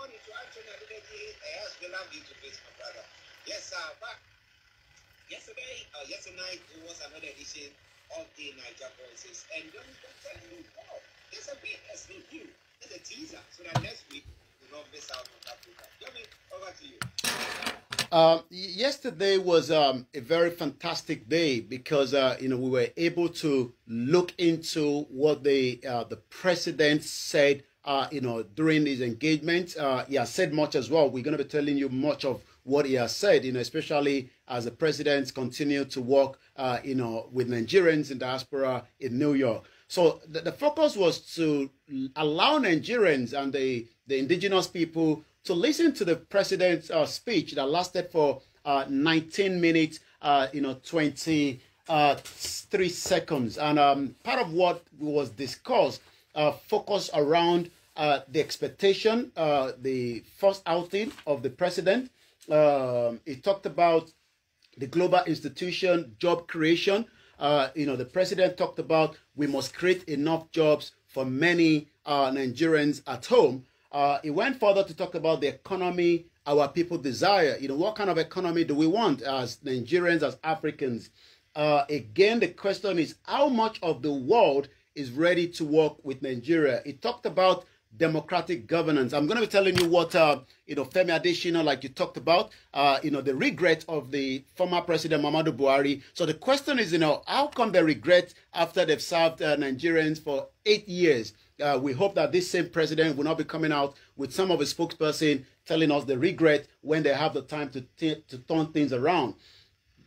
money to action and energy. I husband love you to please, my brother. Yes, sir. But yesterday, uh, yesterday night, it was another edition of the Niger Voices. And don't, don't tell you, oh, there's a bit as new. There's a teaser. So that next week, you do not miss out on that program. over to you. Um, yesterday was um, a very fantastic day because uh, you know we were able to look into what the uh, the president said uh, you know, during his engagement. Uh, he has said much as well. We're going to be telling you much of what he has said, you know, especially as the president continued to work, uh, you know, with Nigerians in diaspora in New York. So the, the focus was to allow Nigerians and the, the indigenous people to listen to the president's uh, speech that lasted for uh, 19 minutes, uh, you know, twenty uh, three seconds. And um, part of what was discussed uh, around uh, the expectation, uh, the first outing of the president. Um, talked about the global institution, job creation. Uh, you know, the president talked about we must create enough jobs for many uh, Nigerians at home. Uh, he went further to talk about the economy our people desire. You know, what kind of economy do we want as Nigerians, as Africans? again, the question is how much of the world is ready to work with Nigeria. It talked about democratic governance. I'm going to be telling you what, uh, you know, Femi Adesina, like you talked about, uh, you know, the regret of the former president Mamadou Buhari. So the question is, you know, how come they regret after they've served uh, Nigerians for eight years? Uh, we hope that this same president will not be coming out with some of his spokesperson telling us the regret when they have the time to, to turn things around.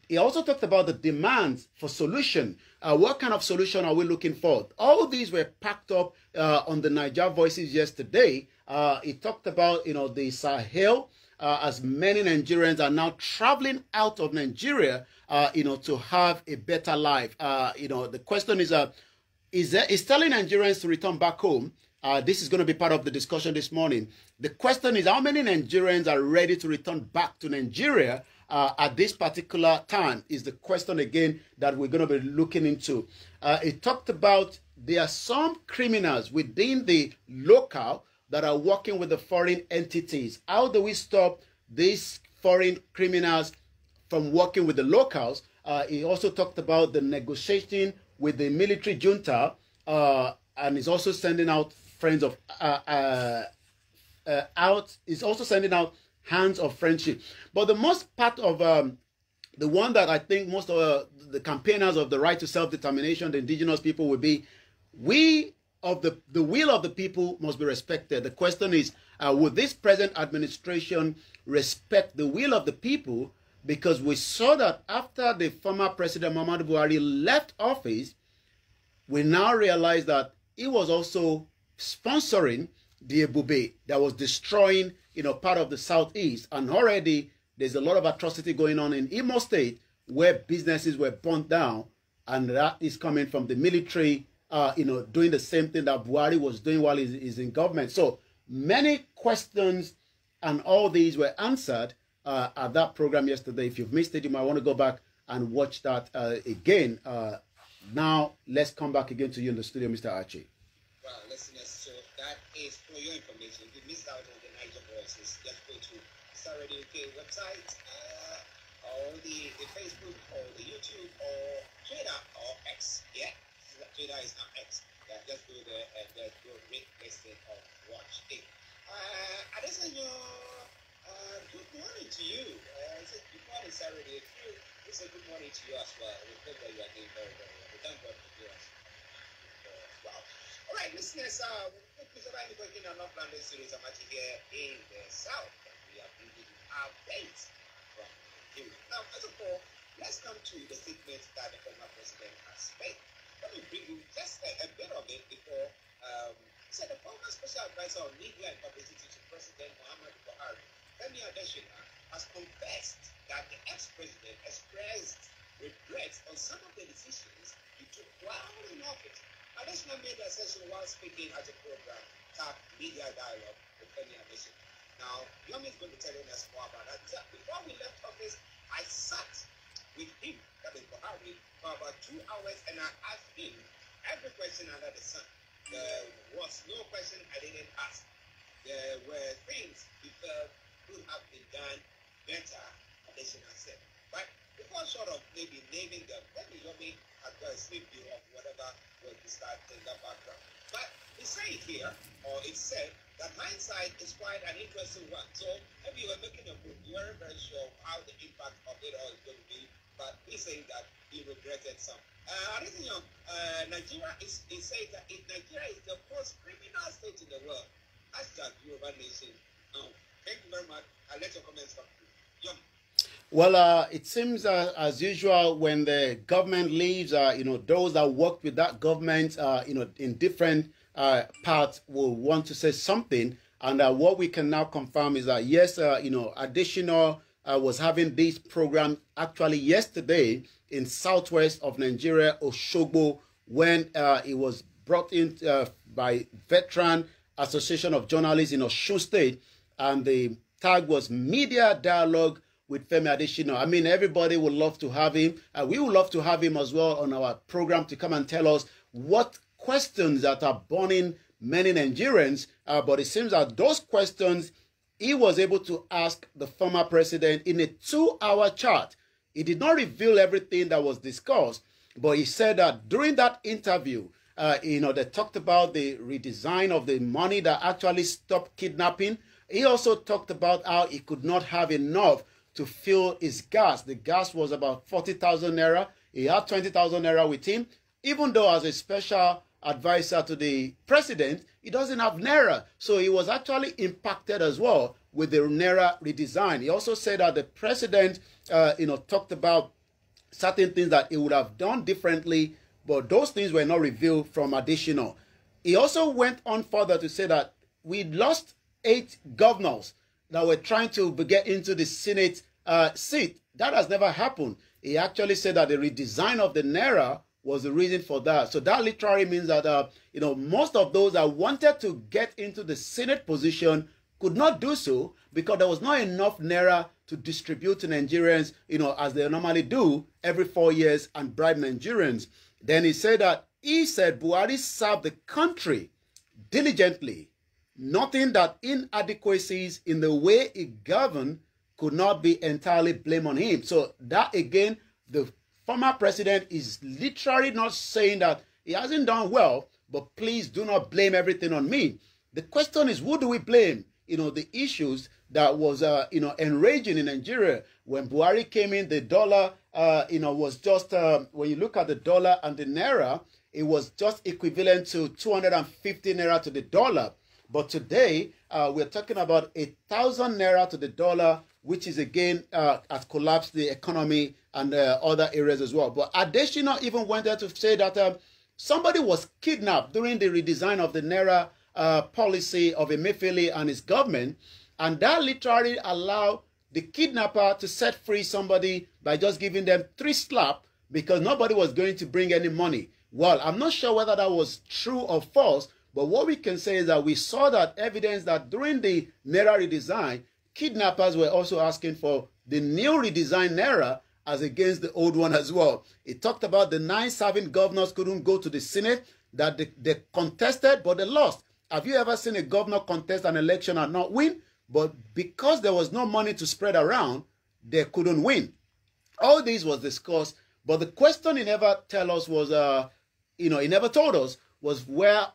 He also talked about the demands for solution. Uh, what kind of solution are we looking for? All these were packed up uh, on the Niger Voices yesterday. Uh, he talked about you know the Sahel. Uh, as many Nigerians are now traveling out of Nigeria, uh, you know, to have a better life. Uh, you know, the question is, uh, is, there, is telling Nigerians to return back home uh, this is going to be part of the discussion this morning. The question is how many Nigerians are ready to return back to Nigeria uh, at this particular time is the question again that we're going to be looking into. Uh, it talked about there are some criminals within the local that are working with the foreign entities. How do we stop these foreign criminals from working with the locals? Uh, he also talked about the negotiation with the military junta uh, and is also sending out friends of uh, uh, uh out is also sending out hands of friendship. But the most part of um, the one that I think most of uh, the campaigners of the right to self-determination, the indigenous people, would be, we of the, the will of the people must be respected. The question is, uh, would this present administration respect the will of the people? Because we saw that after the former president Muhammadu Buhari left office, we now realize that he was also sponsoring Diebube that was destroying, you know, part of the southeast. And already there's a lot of atrocity going on in Imo State where businesses were burnt down. And that is coming from the military, uh, you know, doing the same thing that Buhari was doing while he's, he's in government. So many questions and all these were answered uh, at that program yesterday. If you've missed it, you might want to go back and watch that uh, again. Uh, now, let's come back again to you in the studio, Mr. Archie is for your information. If you missed out on the Niger Voices, just go to Saturday UK website, uh, or the, the Facebook, or the YouTube, or Twitter, or X. Yeah, Twitter is not X. Yeah, just go there and just go read, listen, or watch it. Uh, Adesanyo, uh, good morning to you. Uh, it's a good morning, Saturday. you, it's a good morning to you as well. We hope that you are doing very, very well. We thank God for you as well. Righteousness, uh, in a north London series, I'm actually here in the south, and we are bringing our faith from him. Now, first of all, let's come to the statement that the former president has made. Let me bring you just a, a bit of it before. Um, he said the former special advisor on media and publicity to President Muhammad Buhari, Femi Adesina, has confessed that the ex-president expressed regrets on some of the decisions he took while in office. Adesina made that session while speaking at a program tapped Media Dialogue with Kenya Mission. Now, Yomi is going to be telling us more about that. Before we left office, I sat with him, that is Buhari, for about two hours and I asked him every question under the sun. There was no question I didn't ask. There were things he felt could have been done better, Adesina said. But before sort of maybe naming them, let me let me advise a view of whatever will described in the background. But we say here, or it's said, that hindsight is quite an interesting one. So maybe you were making a book, you weren't very sure how the impact of it all is going to be, but he's saying that he regretted some. Uh, Arisinyong, uh, Nigeria is, he said that if Nigeria is the most criminal state in the world. Hashtag Yoruba Nation. Now, thank you very much. I'll let your comments come through. Well, uh, it seems uh, as usual when the government leaves, uh, you know, those that worked with that government, uh, you know, in different uh, parts will want to say something. And uh, what we can now confirm is that, yes, you know, additional was having this program actually yesterday in southwest of Nigeria, Oshogbo, when it was brought in by Veteran Association of Journalists in Oshu State. And the tag was Media Dialogue with Femi Adesina. I mean, everybody would love to have him. Uh, we would love to have him as well on our program to come and tell us what questions that are burning many Nigerians. Uh, but it seems that those questions he was able to ask the former president in a two-hour chat. He did not reveal everything that was discussed, but he said that during that interview, uh, you know, they talked about the redesign of the money that actually stopped kidnapping. He also talked about how he could not have enough to fill his gas. The gas was about 40,000 naira. He had 20,000 naira with him. Even though as a special advisor to the president, he doesn't have naira. So he was actually impacted as well with the naira redesign. He also said that the president, uh, you know, talked about certain things that he would have done differently, but those things were not revealed from additional. He also went on further to say that we lost eight governors that were trying to get into the Senate uh, seat. That has never happened. He actually said that the redesign of the Naira was the reason for that. So that literally means that, uh, you know, most of those that wanted to get into the Senate position could not do so because there was not enough Naira to distribute to Nigerians, you know, as they normally do every four years and bribe Nigerians. Then he said that he said Buhari served the country diligently nothing that inadequacies in the way he governed could not be entirely blamed on him. So that again, the former president is literally not saying that he hasn't done well, but please do not blame everything on me. The question is, who do we blame? You know, the issues that was, uh, you know, enraging in Nigeria. When Buhari came in, the dollar, uh, you know, was just, uh, when you look at the dollar and the naira, it was just equivalent to 250 naira to the dollar. But today, uh, we're talking about a thousand naira to the dollar, which is again uh, has collapsed the economy and uh, other areas as well. But Adeshina even went there to say that um, somebody was kidnapped during the redesign of the naira uh, policy of Emefiele and his government, and that literally allowed the kidnapper to set free somebody by just giving them three slap because nobody was going to bring any money. Well, I'm not sure whether that was true or false, but what we can say is that we saw that evidence that during the Naira redesign, kidnappers were also asking for the new redesigned Naira as against the old one as well. It talked about the nine serving governors couldn't go to the Senate, that they, they contested, but they lost. Have you ever seen a governor contest an election and not win? But because there was no money to spread around, they couldn't win. All this was discussed, but the question he never tell us was, uh, you know, he never told us was where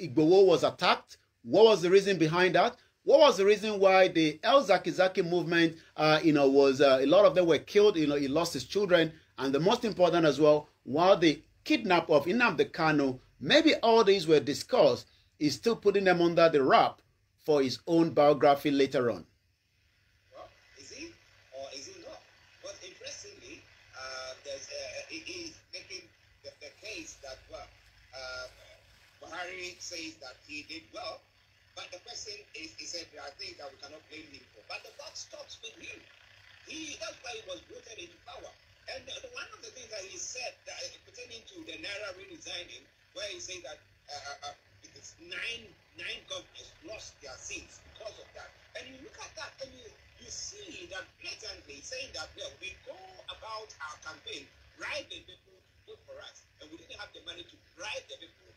Igbowo was attacked. What was the reason behind that? What was the reason why the El Zakizaki movement, uh, you know, was uh, a lot of them were killed. You know, he lost his children, and the most important as well, while the kidnap of Inamde Kano, maybe all these were discussed. He's still putting them under the wrap for his own biography later on. Harry says that he did well, but the question is, he said, there are things that we cannot blame him for. But the buck stops with him. He, that's why he was voted into power. And the, the, one of the things that he said, that, uh, pertaining to the Naira redesigning, where he said that uh, uh, uh it's nine nine governors lost their seats because of that. And you look at that and you, you see that blatantly saying that well, we go about our campaign the people to vote for us, and we didn't have the money to bribe the people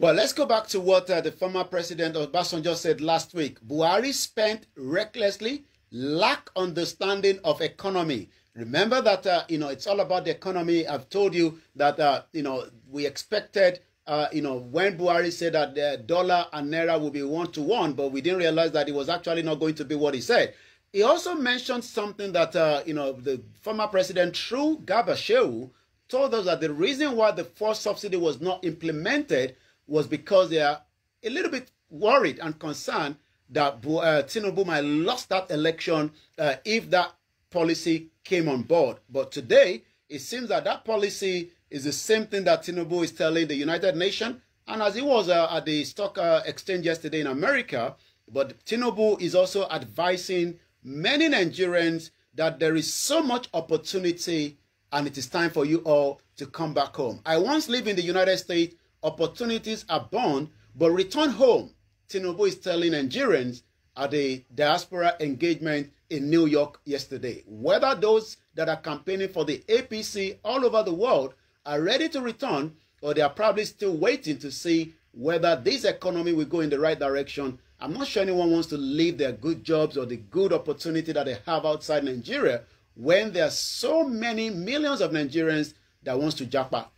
well, let's go back to what uh, the former president of just said last week. Buhari spent recklessly, lack understanding of economy. Remember that uh, you know it's all about the economy. I've told you that uh, you know we expected uh, you know, when Buhari said that the dollar and naira will be one to one, but we didn't realize that it was actually not going to be what he said. He also mentioned something that uh, you know the former president True Gabashew told us that the reason why the forced subsidy was not implemented was because they are a little bit worried and concerned that uh, Tinubu might lost that election uh, if that policy came on board. But today, it seems that that policy is the same thing that Tinubu is telling the United Nations. And as he was uh, at the stock uh, exchange yesterday in America, but Tinubu is also advising many Nigerians that there is so much opportunity and it is time for you all to come back home. I once lived in the United States, opportunities abound, but return home. Tinubu is telling Nigerians at a diaspora engagement in New York yesterday. Whether those that are campaigning for the APC all over the world are ready to return or they are probably still waiting to see whether this economy will go in the right direction I'm not sure anyone wants to leave their good jobs or the good opportunity that they have outside Nigeria when there are so many millions of Nigerians that wants to jump back.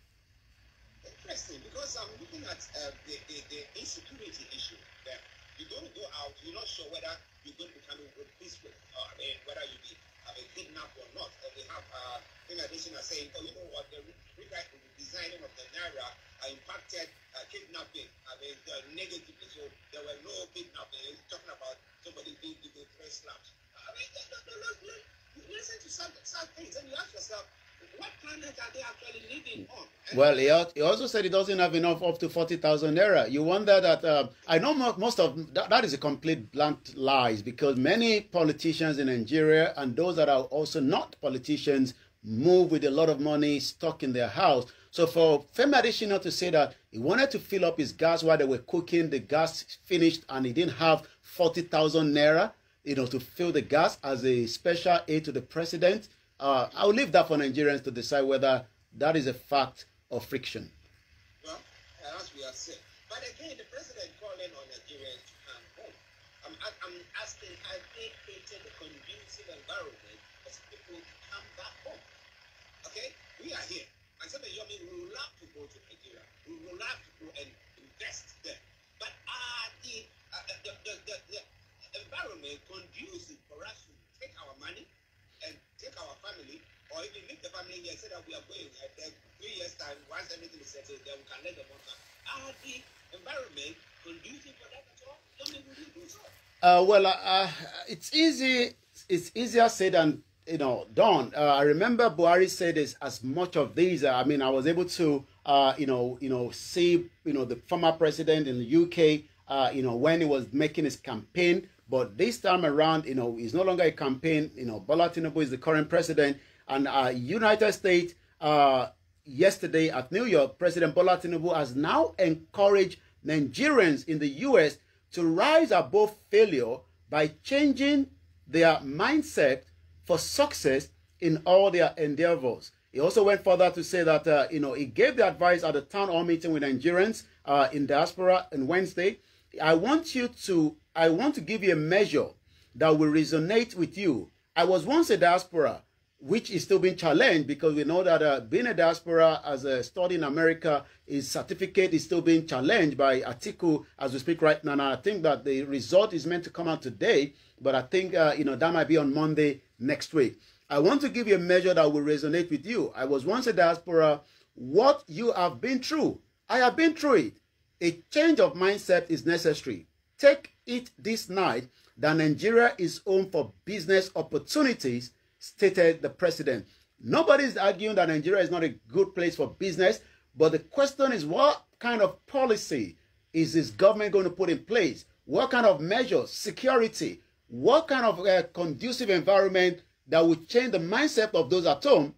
Interesting, because I'm looking at uh, the, the, the, insecurity issue. That you don't go out, you're not sure whether you're going to become a peaceful, or I whether you be have a kidnap or not. And they have, uh, in addition, are saying, oh, you know what, the redesigning of the naira impacted kidnapping. I mean, the negative. So there were no kidnapping. He's talking about somebody being given three slaps. I mean, no, no, no, no. You listen to some, some things and you ask yourself, what planet are they actually living on? well, he also said he doesn't have enough up to 40,000 naira. You wonder that, uh, I know most of that, that is a complete blunt lies because many politicians in Nigeria and those that are also not politicians move with a lot of money stuck in their house. So for Femi Adesina to say that he wanted to fill up his gas while they were cooking, the gas finished and he didn't have 40,000 naira, you know, to fill the gas as a special aid to the president, uh, I'll leave that for Nigerians to decide whether that is a fact or friction. Well, uh, as we are saying, but again, the president calling on Nigerians to come home. I'm, I'm asking, have they created a conducive environment for people to come back home? Okay? We are here. And some of you, mean, we would love to go to Nigeria. We would love to go and invest there. But are uh, the, uh, the, the, the, the environment conducive for us to take our money and take our family or even leave the family here and say that we are going and uh, then three years time once everything is settled then we can let them walk out uh, are the environment conducive for that at all don't even do so uh, well, uh, uh, it's easy. It's easier said than you know done. Uh, I remember Buhari said this as much of these. Uh, I mean, I was able to uh, you know you know see you know the former president in the UK. Uh, you know when he was making his campaign, but this time around, you know, he's no longer a campaign. You know, Bola Tinubu is the current president, and uh, United States. Uh, yesterday at New York, President Bola Tinubu has now encouraged Nigerians in the U.S. to rise above failure by changing their mindset for success in all their endeavors. He also went further to say that, uh, you know, he gave the advice at the town hall meeting with Nigerians uh, in diaspora on Wednesday. I want you to, I want to give you a measure that will resonate with you. I was once a diaspora, which is still being challenged because we know that uh, being a diaspora as a study in America, his certificate is still being challenged by Atiku as we speak right now. And I think that the result is meant to come out today, but I think uh, you know that might be on Monday next week. I want to give you a measure that will resonate with you. I was once a diaspora. What you have been through, I have been through it. A change of mindset is necessary. Take it this night that Nigeria is home for business opportunities stated the president. Nobody is arguing that Nigeria is not a good place for business, but the question is what kind of policy is this government going to put in place? What kind of measures, security, what kind of uh, conducive environment that would change the mindset of those at home?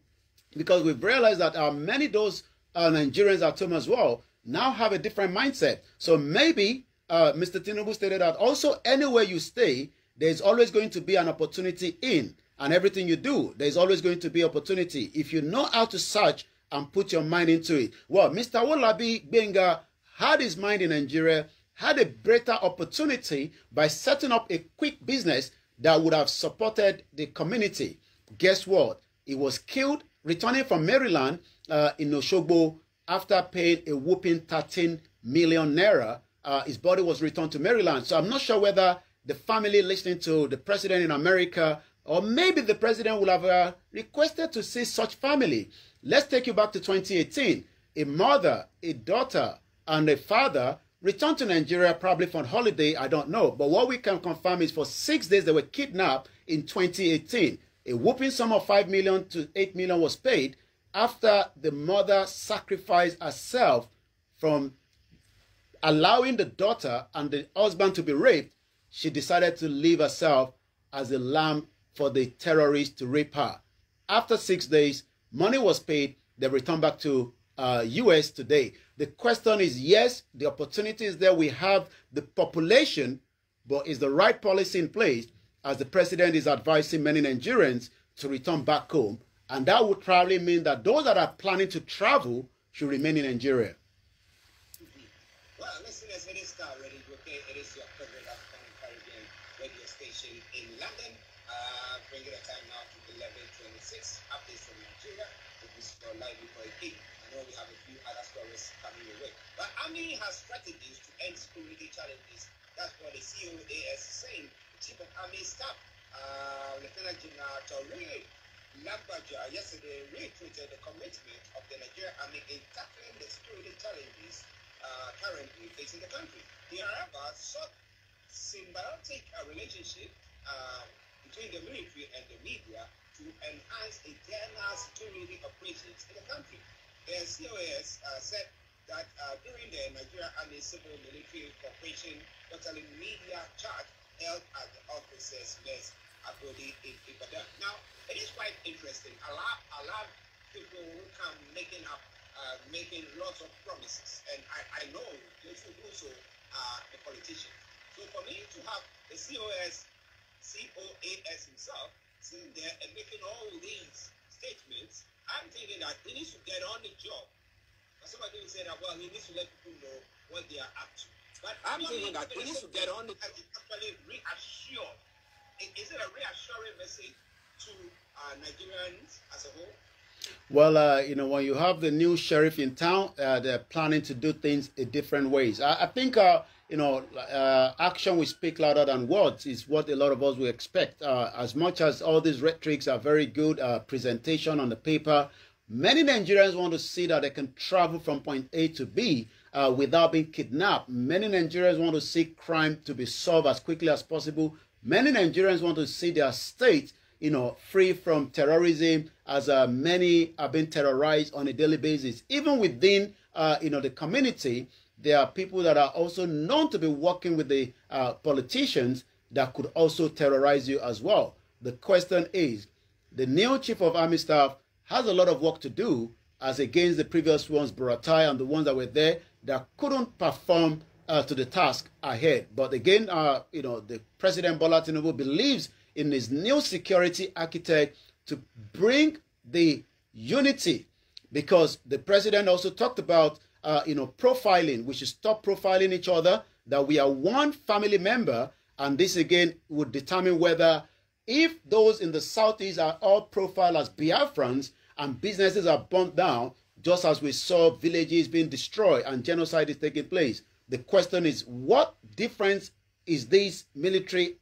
Because we've realized that uh, many those uh, Nigerians at home as well now have a different mindset. So maybe uh, Mr. Tinubu stated that also anywhere you stay, there's always going to be an opportunity in and everything you do, there's always going to be opportunity. If you know how to search and put your mind into it. Well, Mr. Olabi Benga had his mind in Nigeria, had a better opportunity by setting up a quick business that would have supported the community. Guess what? He was killed returning from Maryland uh, in Oshogbo after paying a whooping 13 million naira. Uh, his body was returned to Maryland. So I'm not sure whether the family listening to the president in America or maybe the president will have uh, requested to see such family. Let's take you back to 2018. A mother, a daughter, and a father returned to Nigeria probably for holiday, I don't know. But what we can confirm is for six days they were kidnapped in 2018. A whooping sum of 5 million to 8 million was paid after the mother sacrificed herself from allowing the daughter and the husband to be raped. She decided to leave herself as a lamb for the terrorists to rape her. After six days, money was paid. They returned back to uh, U.S. today. The question is, yes, the opportunity is there. We have the population, but is the right policy in place as the president is advising many Nigerians to return back home? And that would probably mean that those that are planning to travel should remain in Nigeria. Well, before I know we have a few other stories coming your way. But Army has strategies to end security challenges. That's what the COAS is saying. The Chief of Army Staff, uh, Lieutenant General Tauri Lambaja, yesterday reiterated the commitment of the Nigerian Army in tackling the security challenges uh, currently facing the country. They however sought symbiotic uh, relationship uh, between the military and the media to enhance internal security operations in the country. The COS uh, said that uh, during the Nigeria Army Civil Military Corporation quarterly media chat held at the officers' mess Abodi in Ibadan. Now, it is quite interesting. A lot, a lot of people who come making up, uh, making lots of promises, and I, I know those who also are the politicians. So for me to have the COS, COAS himself there and making all these statements, I'm thinking that he needs to get on the job. And somebody even say that, well, he needs to let people know what they are up to. But I'm thinking that he needs to get on the job. actually reassure. Is it a reassuring message to uh, Nigerians as a whole? Well, uh, you know, when you have the new sheriff in town, uh, they're planning to do things in different ways. I, I think uh, you know, uh, action will speak louder than words is what a lot of us will expect. Uh, as much as all these rhetorics are very good uh, presentation on the paper, many Nigerians want to see that they can travel from point A to B uh, without being kidnapped. Many Nigerians want to see crime to be solved as quickly as possible. Many Nigerians want to see their state, you know, free from terrorism, as uh, many are being terrorized on a daily basis, even within, uh, you know, the community there are people that are also known to be working with the uh, politicians that could also terrorize you as well. The question is, the new chief of army staff has a lot of work to do as against the previous ones, Buratai and the ones that were there that couldn't perform uh, to the task ahead. But again, uh, you know, the President Bola Tinubu believes in his new security architect to bring the unity because the president also talked about uh, you know, profiling. We should stop profiling each other, that we are one family member. And this again would determine whether if those in the Southeast are all profiled as Biafrans and businesses are burnt down, just as we saw villages being destroyed and genocide is taking place. The question is, what difference is this military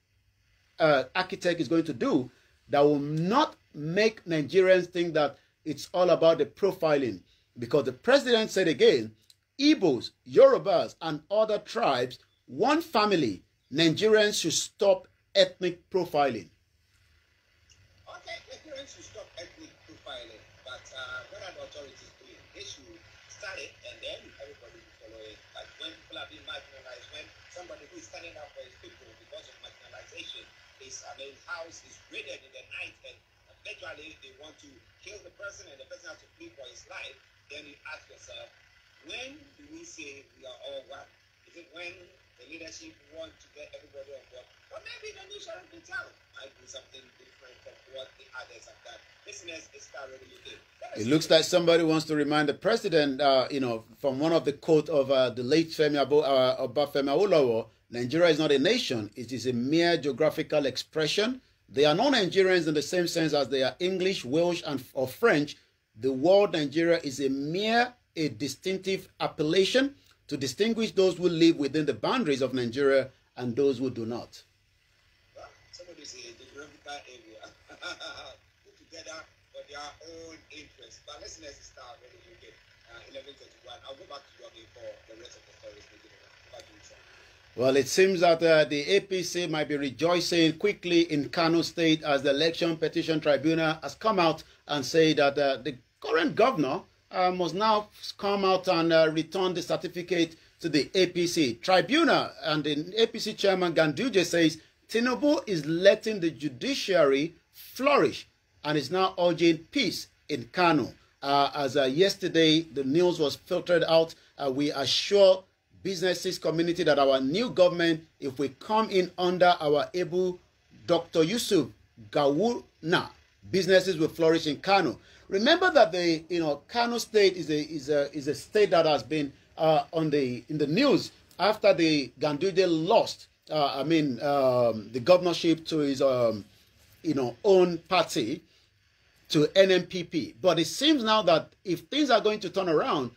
uh, architect is going to do that will not make Nigerians think that it's all about the profiling? Because the president said again, Igbos, Yorubas, and other tribes, one family, Nigerians should stop ethnic profiling. Okay, Nigerians should stop ethnic profiling, but uh, what are the authorities doing? They should start it and then everybody will follow it. Like when people are being marginalized, when somebody who is standing up for his people because of marginalization his I mean, house is raided in the night and eventually they want to kill the person and the person has to flee for his life. Then you ask yourself, when do we say we are all one? Is it when the leadership want to get everybody on board? Or maybe the new sheriff in town might do something different from what the others have done. Listeners, it's already UK. It looks like somebody wants to remind the president, uh, you know, from one of the quotes of uh, the late Femi Abo, uh, Nigeria is not a nation; it is a mere geographical expression. They are non-Nigerians in the same sense as they are English, Welsh, and or French, the word Nigeria is a mere a distinctive appellation to distinguish those who live within the boundaries of Nigeria and those who do not. Well, somebody say geographical area put together for their own But 1131. Uh, I'll go back to you for the rest of the stories. Well, it seems that uh, the APC might be rejoicing quickly in Kano State as the Election Petition Tribunal has come out and said that uh, the current governor uh, must now come out and uh, return the certificate to the APC. Tribunal and the APC chairman Ganduje says Tinubu is letting the judiciary flourish and is now urging peace in Kano. Uh, as uh, yesterday the news was filtered out, uh, we assure businesses community that our new government, if we come in under our able Dr. Yusuf Gawuna, businesses will flourish in Kano. Remember that the you know Kano State is a is a is a state that has been uh, on the in the news after the Ganduje lost. Uh, I mean um, the governorship to his um, you know own party to NMPP. But it seems now that if things are going to turn around,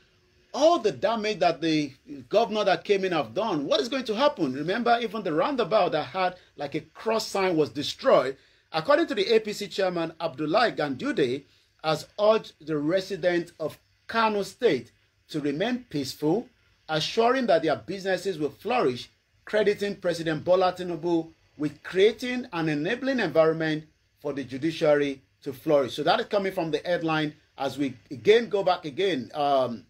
all the damage that the governor that came in have done, what is going to happen? Remember, even the roundabout that had like a cross sign was destroyed. According to the APC chairman Abdullah Gandude, has urged the residents of Kano State to remain peaceful, assuring that their businesses will flourish, crediting President Bola Tinubu with creating an enabling environment for the judiciary to flourish. So that is coming from the headline as we again go back again. Um,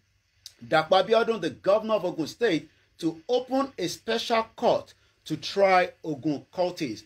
Dakwa Biodun, the governor of Ogun State, to open a special court to try Ogun cultists.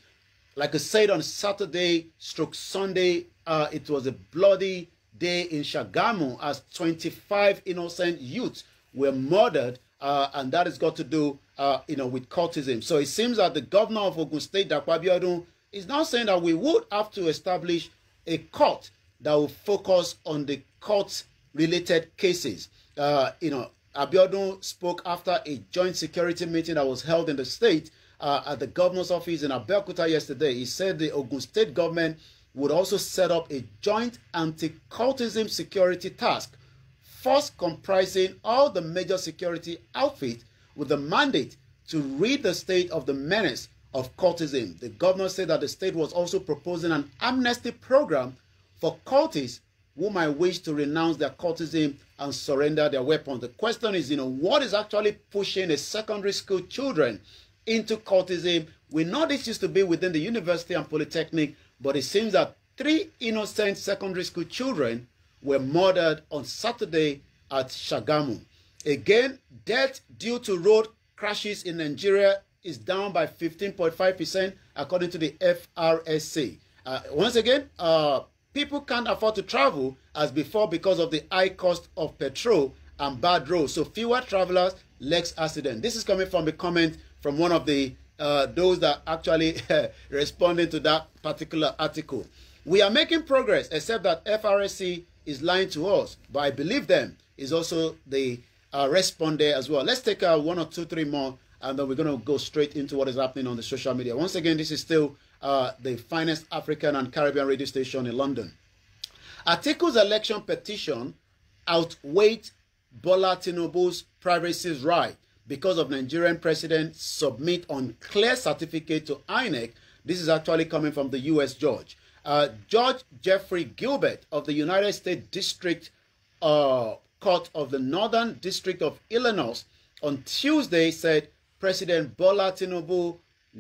Like I said on Saturday, stroke Sunday, uh, it was a bloody day in Shagamu as 25 innocent youths were murdered, uh, and that has got to do, uh, you know, with cultism. So it seems that the governor of Ogun State, Dakwa is now saying that we would have to establish a court that will focus on the cult-related cases. Uh, you know, Abiodun spoke after a joint security meeting that was held in the state uh, at the governor's office in Abeokuta yesterday. He said the Ogun State government would also set up a joint anti-cultism security task force comprising all the major security outfits with the mandate to read the state of the menace of cultism. The governor said that the state was also proposing an amnesty program for cultists who might wish to renounce their cultism and surrender their weapons. The question is, you know, what is actually pushing the secondary school children into cultism. We know this used to be within the university and polytechnic, but it seems that three innocent secondary school children were murdered on Saturday at Shagamu. Again, death due to road crashes in Nigeria is down by 15.5% according to the FRSC. Uh, once again, uh, people can't afford to travel as before because of the high cost of petrol and bad roads. So fewer travelers, less accident. This is coming from a comment from one of the uh, those that actually responding to that particular article. We are making progress, except that FRSC is lying to us, but I believe them is also the uh, as well. Let's take uh, one or two, three more, and then we're going to go straight into what is happening on the social media. Once again, this is still uh, the finest African and Caribbean radio station in London. Article's election petition outweighed Bola Tinobu's privacy's right because of Nigerian president submit on clear certificate to INEC. This is actually coming from the U.S. judge. Uh, judge Jeffrey Gilbert of the United States District uh, Court of the Northern District of Illinois on Tuesday said President Bola Tinubu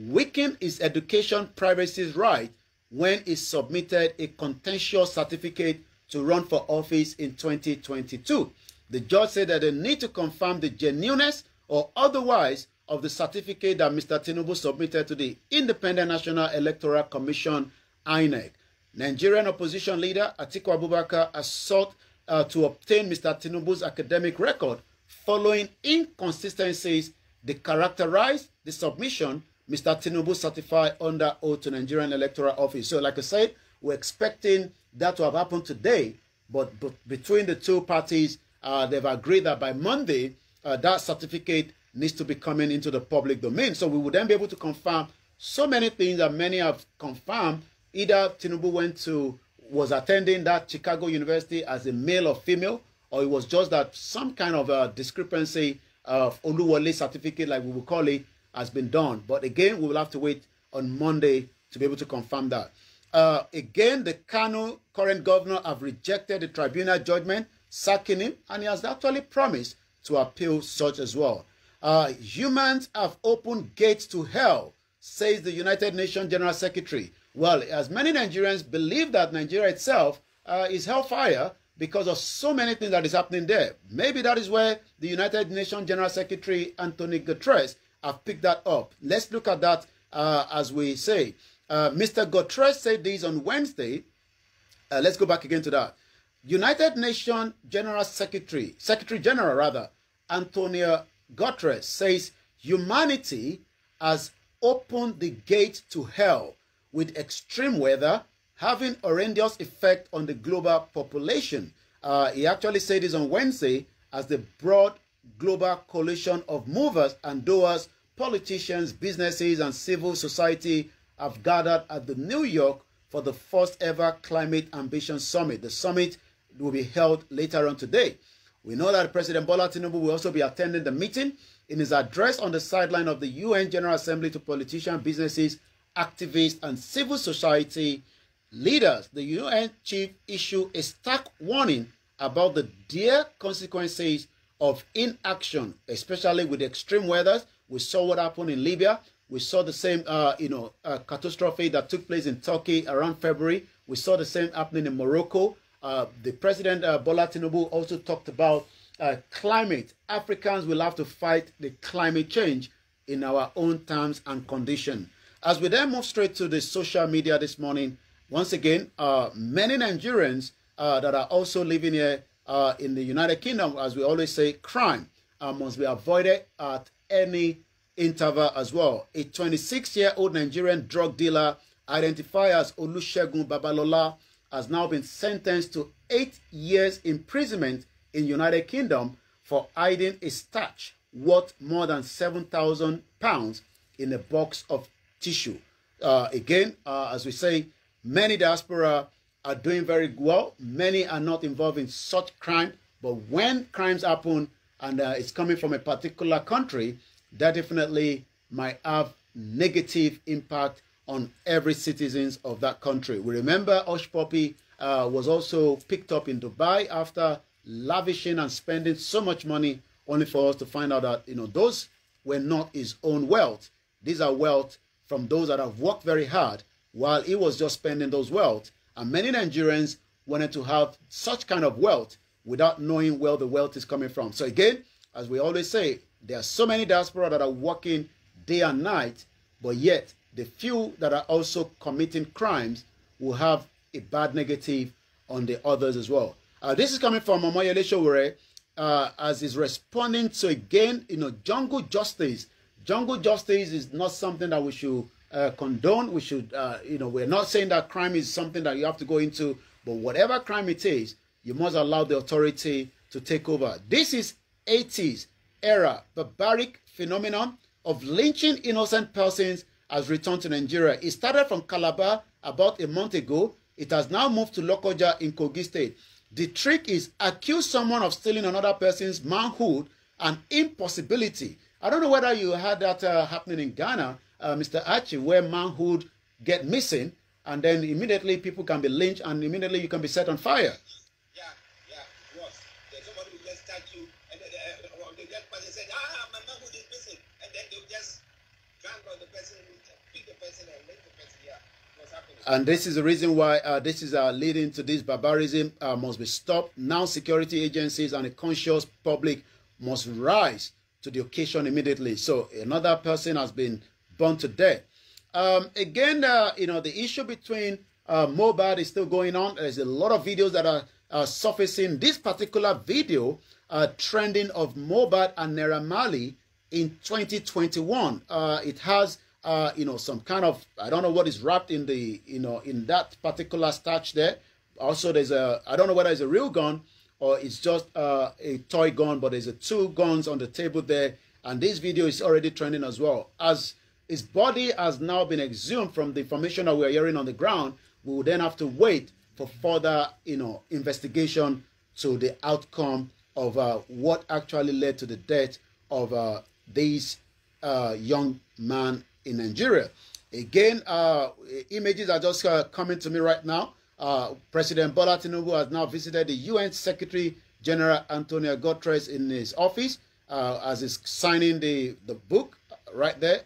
weakened his education privacy right when he submitted a contentious certificate to run for office in 2022. The judge said that they need to confirm the genuineness or otherwise of the certificate that Mr. Tinubu submitted to the Independent National Electoral Commission, INEC. Nigerian opposition leader Atiku Abubakar has sought uh, to obtain Mr. Tinubu's academic record following inconsistencies that characterized the submission Mr. Tinubu certified under oath to Nigerian Electoral Office. So, like I said, we're expecting that to have happened today, but, but between the two parties, uh, they've agreed that by Monday, uh, that certificate needs to be coming into the public domain. So we would then be able to confirm so many things that many have confirmed. Either Tinubu went to was attending that Chicago University as a male or female, or it was just that some kind of a uh, discrepancy of Oluwole certificate, like we would call it, has been done. But again, we will have to wait on Monday to be able to confirm that. Uh, again, the Kano current governor have rejected the tribunal judgment, sacking him, and he has actually promised to appeal such as well. Uh, humans have opened gates to hell, says the United Nations General Secretary. Well, as many Nigerians believe that Nigeria itself uh, is hellfire because of so many things that is happening there. Maybe that is where the United Nations General Secretary Anthony Guterres have picked that up. Let's look at that uh, as we say. Uh, Mr. Guterres said this on Wednesday. Uh, let's go back again to that. United Nations General Secretary, Secretary General rather, Antonio Guterres says humanity has opened the gate to hell with extreme weather having horrendous effect on the global population. Uh, he actually said this on Wednesday as the broad global coalition of movers and doers, politicians, businesses, and civil society have gathered at the New York for the first ever Climate Ambition Summit. The summit will be held later on today. We know that President Bola Tinubu will also be attending the meeting. In his address on the sideline of the UN General Assembly to politicians, businesses, activists, and civil society leaders, the UN chief issued a stark warning about the dire consequences of inaction, especially with extreme weather. We saw what happened in Libya. We saw the same, uh, you know, uh, catastrophe that took place in Turkey around February. We saw the same happening in Morocco. Uh, the president uh, Bola Tinubu also talked about uh, climate. Africans will have to fight the climate change in our own terms and condition. As we then move straight to the social media this morning, once again, uh, many Nigerians uh, that are also living here uh, in the United Kingdom, as we always say, crime uh, must be avoided at any interval as well. A 26-year-old Nigerian drug dealer identified as Olusegun Babalola has now been sentenced to eight years imprisonment in United Kingdom for hiding a stash worth more than 7,000 pounds in a box of tissue. Uh, again, uh, as we say, many diaspora are doing very well. Many are not involved in such crime. But when crimes happen and uh, it's coming from a particular country, that definitely might have negative impact on every citizens of that country. We remember Osh Poppy uh, was also picked up in Dubai after lavishing and spending so much money, only for us to find out that you know those were not his own wealth. These are wealth from those that have worked very hard while he was just spending those wealth. And many Nigerians wanted to have such kind of wealth without knowing where the wealth is coming from. So again, as we always say, there are so many diaspora that are working day and night, but yet the few that are also committing crimes will have a bad negative on the others as well. Uh, this is coming from Omoyele Showore uh, as he's responding to, again, you know, jungle justice. Jungle justice is not something that we should uh, condone. We should, uh, you know, we're not saying that crime is something that you have to go into, but whatever crime it is, you must allow the authority to take over. This is 80s era barbaric phenomenon of lynching innocent persons has returned to Nigeria. It started from Calabar about a month ago. It has now moved to Lokoja in Kogi State. The trick is accuse someone of stealing another person's manhood an impossibility. I don't know whether you had that uh, happening in Ghana, uh, Mr. Archie, where manhood get missing and then immediately people can be lynched and immediately you can be set on fire. And this is the reason why uh, this is uh, leading to this barbarism uh, must be stopped. Now security agencies and a conscious public must rise to the occasion immediately. So another person has been burned to death. Um, again, uh, you know, the issue between uh, Mobad is still going on. There's a lot of videos that are, are surfacing. This particular video uh, trending of Mobad and Neramali in 2021. it has uh, you know, some kind of I don't know what is wrapped in the you know in that particular starch there. Also, there's a I don't know whether it's a real gun or it's just uh, a toy gun, but there's a two guns on the table there, and this video is already trending as well. As his body has now been exhumed from the information that we are hearing on the ground, we will then have to wait for further you know investigation to the outcome of uh, what actually led to the death of uh, this uh, young man in Nigeria. Again, uh, images are just uh, coming to me right now. Uh, President Bola Tinubu has now visited the UN Secretary General Antonio Guterres in his office uh, as he's signing the, the book right there.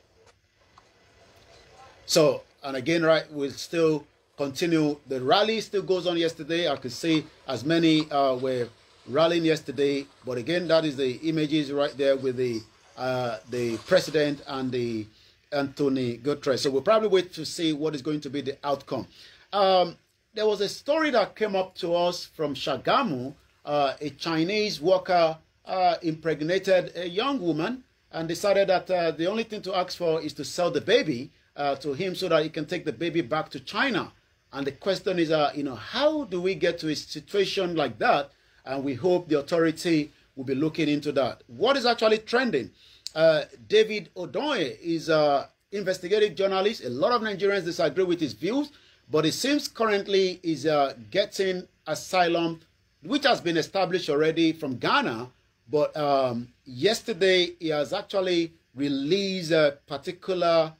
So, and again, right, we'll still continue. The rally still goes on yesterday. I could see as many uh, were rallying yesterday. But again, that is the images right there with the uh, the president and the Anthony Guterres. So we'll probably wait to see what is going to be the outcome. Um, there was a story that came up to us from Shagamu. Uh, a Chinese worker uh, impregnated a young woman and decided that uh, the only thing to ask for is to sell the baby uh, to him so that he can take the baby back to China. And the question is, uh, you know, how do we get to a situation like that? And we hope the authority will be looking into that. What is actually trending? Uh, David Odoye is an investigative journalist. A lot of Nigerians disagree with his views, but it seems currently is uh, getting asylum, which has been established already from Ghana. But um, yesterday, he has actually released a particular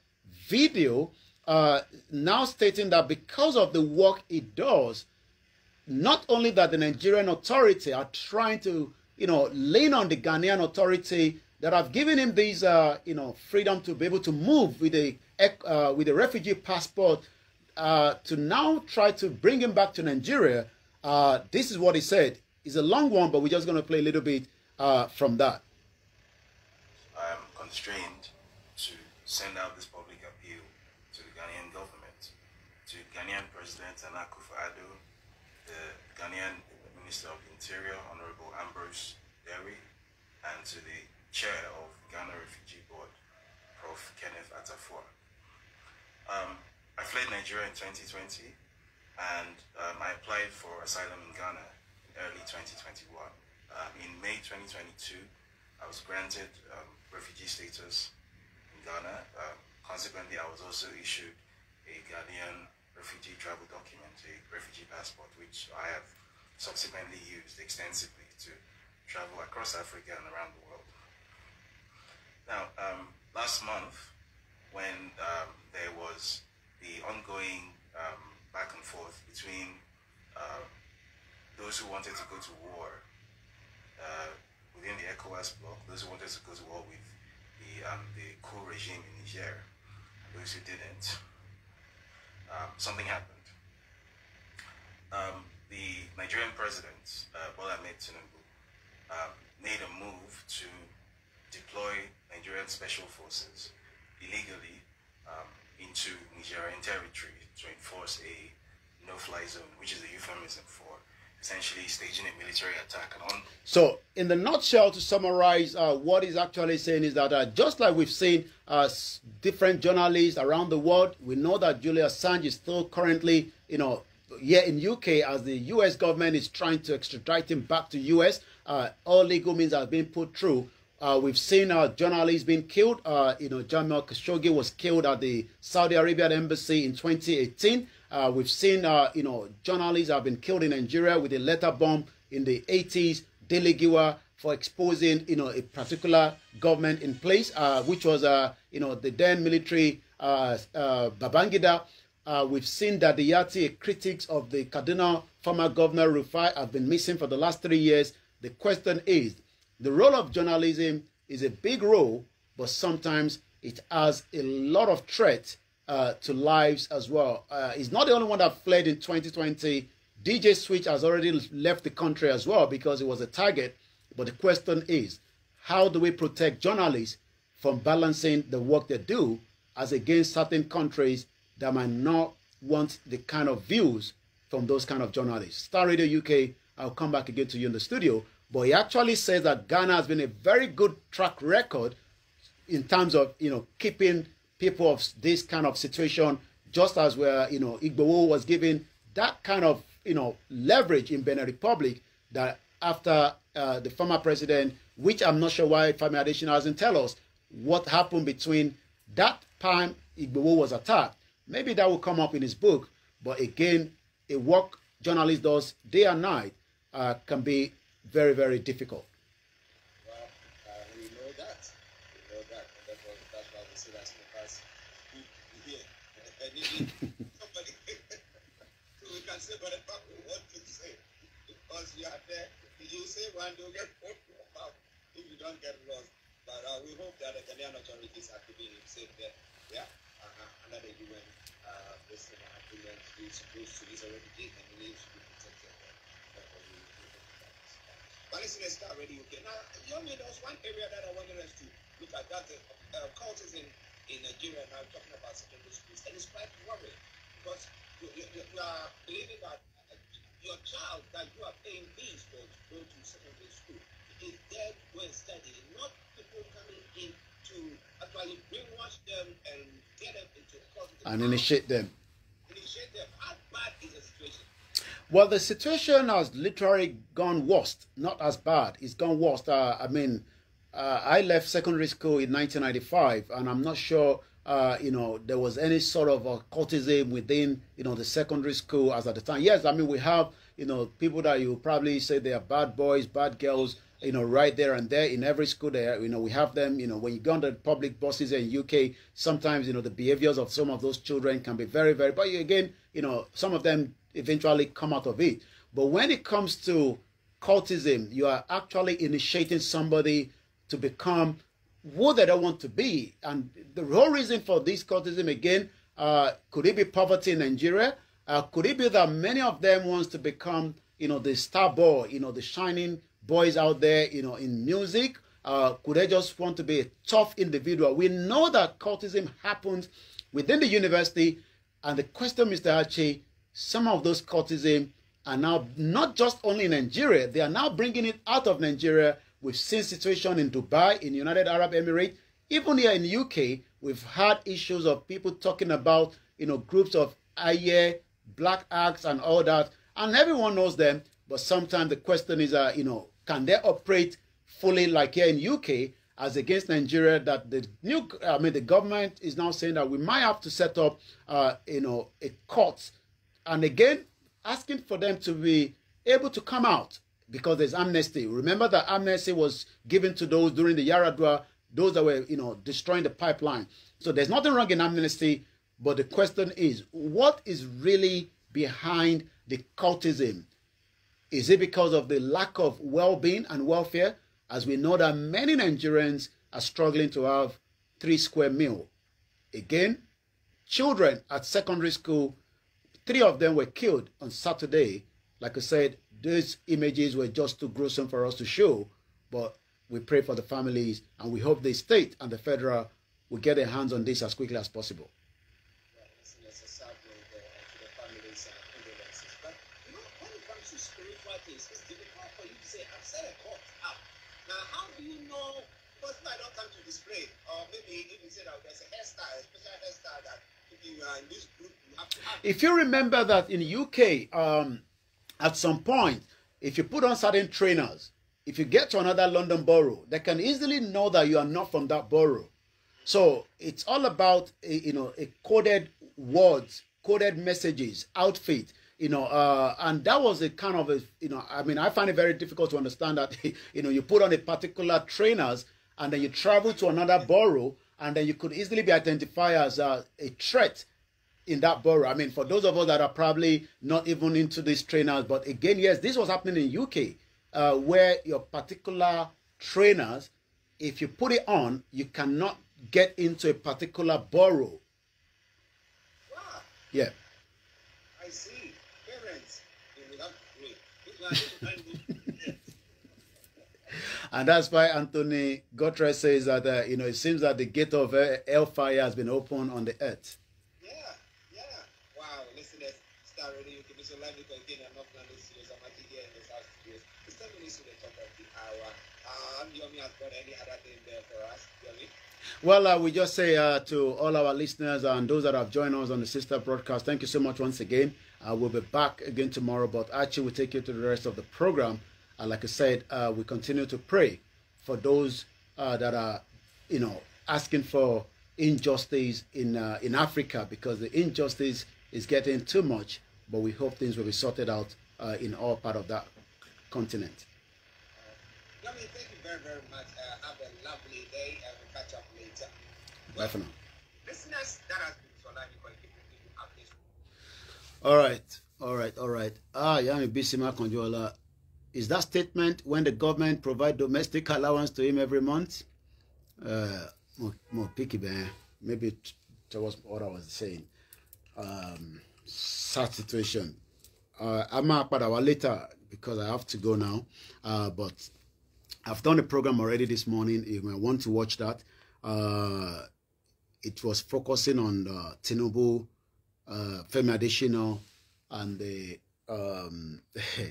video uh, now stating that because of the work he does, not only that the Nigerian authority are trying to, you know, lean on the Ghanaian authority that have given him these, uh, you know, freedom to be able to move with a uh, with a refugee passport uh, to now try to bring him back to Nigeria. Uh, this is what he said. It's a long one, but we're just going to play a little bit uh, from that. I am constrained to send out this public appeal to the Ghanaian government, to Ghanaian President Anakufo-Addo, the Ghanaian Minister of Interior, Honorable Ambrose Derry, and to the chair of Ghana Refugee Board, Prof. Kenneth Atafua. Um, I fled Nigeria in 2020 and um, I applied for asylum in Ghana in early 2021. Um, in May 2022, I was granted um, refugee status in Ghana. Um, consequently, I was also issued a Ghanaian refugee travel document, a refugee passport, which I have subsequently used extensively to travel across Africa and around the world. Now, um, last month, when um, there was the ongoing um, back and forth between uh, those who wanted to go to war uh, within the ECOWAS bloc, those who wanted to go to war with the um, the coup regime in Niger, and those who didn't, um, something happened. Um, the Nigerian president, uh, Bola Ahmed Tinubu, made a move to deploy Nigerian special forces illegally um, into Nigerian territory to enforce a no-fly zone, which is a euphemism for essentially staging a military attack. On so, in the nutshell, to summarize, uh, what he's actually saying is that uh, just like we've seen uh, different journalists around the world, we know that Julia Assange is still currently, you know, here in UK as the US government is trying to extradite him back to US. Uh, all legal means are being put through. Uh, we've seen uh, journalists being killed. Uh, you know, Jamal Khashoggi was killed at the Saudi Arabian embassy in 2018. Uh, we've seen, uh, you know, journalists have been killed in Nigeria with a letter bomb in the 80s. Dele for exposing, you know, a particular government in place, uh, which was, you know, the then military Babangida. we've seen that the Yati critics of the Cardinal former governor Rufai have been missing for the last three years. The question is, the role of journalism is a big role, but sometimes it has a lot of threat uh, to lives as well. Uh, he's not the only one that fled in 2020. DJ Switch has already left the country as well because he was a target. But the question is, how do we protect journalists from balancing the work they do as against certain countries that might not want the kind of views from those kind of journalists? Star Radio UK, I'll come back again to you in the studio. But he actually says that Ghana has been a very good track record in terms of you know keeping people of this kind of situation, just as where you know Igbowo was given that kind of you know leverage in Benin Republic that after uh, the former president, which I'm not sure why Femi Adesina hasn't tell us what happened between that time Igbo was attacked. Maybe that will come up in his book. But again, a work journalist does day and night uh, can be very, very difficult. Well, we know that. We know that. And that's, why we here. Nobody. so we can say whatever we want to say. Because you are there. You say one, if you don't get lost. But we hope that the authorities safe there. Yeah. under the UN, this supposed to, he's a refugee and he needs to be but listen, let's start okay? Now, you know, there's one area that I wanted us to look at that uh, uh cultures in, in Nigeria now talking about secondary schools. And it's quite worrying because you, you, you are believing that uh, your child that you are paying fees for to go to secondary school is there when studying, not people coming in to actually brainwash them and get them into a And initiate them. Initiate them. How bad is the situation? Well, the situation has literally gone worst, not as bad. It's gone worst. Uh, I mean, uh, I left secondary school in 1995, and I'm not sure, uh, you know, there was any sort of a courtesy within, you know, the secondary school as at the time. Yes, I mean, we have, you know, people that you probably say they are bad boys, bad girls, you know, right there and there in every school there, you know, we have them, you know, when you go on the public buses in UK, sometimes, you know, the behaviors of some of those children can be very, very, but again, you know, some of them eventually come out of it. But when it comes to cultism, you are actually initiating somebody to become who they don't want to be. And the whole reason for this cultism, again, uh, could it be poverty in Nigeria? Uh, could it be that many of them wants to become, you know, the star boy, you know, the shining boys out there, you know, in music? Uh, could they just want to be a tough individual? We know that cultism happens within the university. And the question, Mr. Hachi, some of those cultism are now not just only in Nigeria, they are now bringing it out of Nigeria. We've seen situation in Dubai, in United Arab Emirates, even here in the UK, we've had issues of people talking about, you know, groups of Aye, Black Acts and all that. And everyone knows them, but sometimes the question is, uh, you know, can they operate fully like here in UK as against Nigeria that the new I mean the government is now saying that we might have to set up uh, you know a court and again asking for them to be able to come out because there's amnesty. Remember that amnesty was given to those during the Yaradua, those that were you know destroying the pipeline. So there's nothing wrong in amnesty, but the question is what is really behind the cultism is it because of the lack of well being and welfare? As we know that many Nigerians are struggling to have three square meal. Again, children at secondary school, three of them were killed on Saturday. Like I said, those images were just too gruesome for us to show, but we pray for the families and we hope the state and the federal will get their hands on this as quickly as possible. it's difficult for you to say, I've set a court up. Now, how do you know? I don't to display, or maybe say that there's a hairstyle, a special hairstyle that if you are uh, in this group, you have to have. If you remember that in the UK, um, at some point, if you put on certain trainers, if you get to another London borough, they can easily know that you are not from that borough. So it's all about you know a coded words, coded messages, outfit you know, uh, and that was a kind of a, you know, I mean, I find it very difficult to understand that, you know, you put on a particular trainers and then you travel to another borough and then you could easily be identified as a, uh, a threat in that borough. I mean, for those of us that are probably not even into these trainers, but again, yes, this was happening in UK uh, where your particular trainers, if you put it on, you cannot get into a particular borough. Yeah. and that's why Anthony Gautre says that, uh, you know, it seems that the gate of uh, hellfire has been opened on the earth. Yeah, yeah. Wow, you can again. I'm not going to uh, I'm here in the It's to the got any other thing there for us, Yomi? Well, uh, we just say uh, to all our listeners and those that have joined us on the sister broadcast, thank you so much once again. Uh, we'll be back again tomorrow, but actually, we'll take you to the rest of the program. Uh, like I said, uh, we continue to pray for those uh, that are, you know, asking for injustice in uh, in Africa because the injustice is getting too much. But we hope things will be sorted out in all part of that continent. Let me thank you very, very much. have a lovely day and catch up. Bye for now. All right, all right, all right. Ah, Yami Bisima Konjola. Is that statement when the government provide domestic allowance to him every month? Uh, more, picky, man. Eh? Maybe that was what I was saying. Um, sad situation. Uh, I'm out our later because I have to go now. Uh, but I've done the program already this morning. If you want to watch that, uh, it was focusing on uh, Tinubu, uh, Femi Adesina, and the um,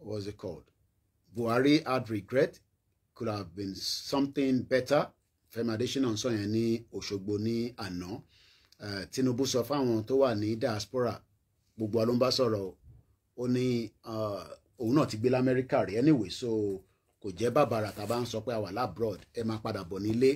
was it called? Buhari had regret. Could have been something better. Femi Adesina and sọ yẹn ní Òṣogbo ní àná. Uh, Tinubu so far on wà ni diaspora gbogbo wa ló ń bá sọ̀rọ̀ ó ní uh, ti gbé l'Amẹ́ríkà anyway so kò jẹ́ bàbàrà tá a bá ń sọ a wà lábroad ẹ máa padà bọ̀ nílé.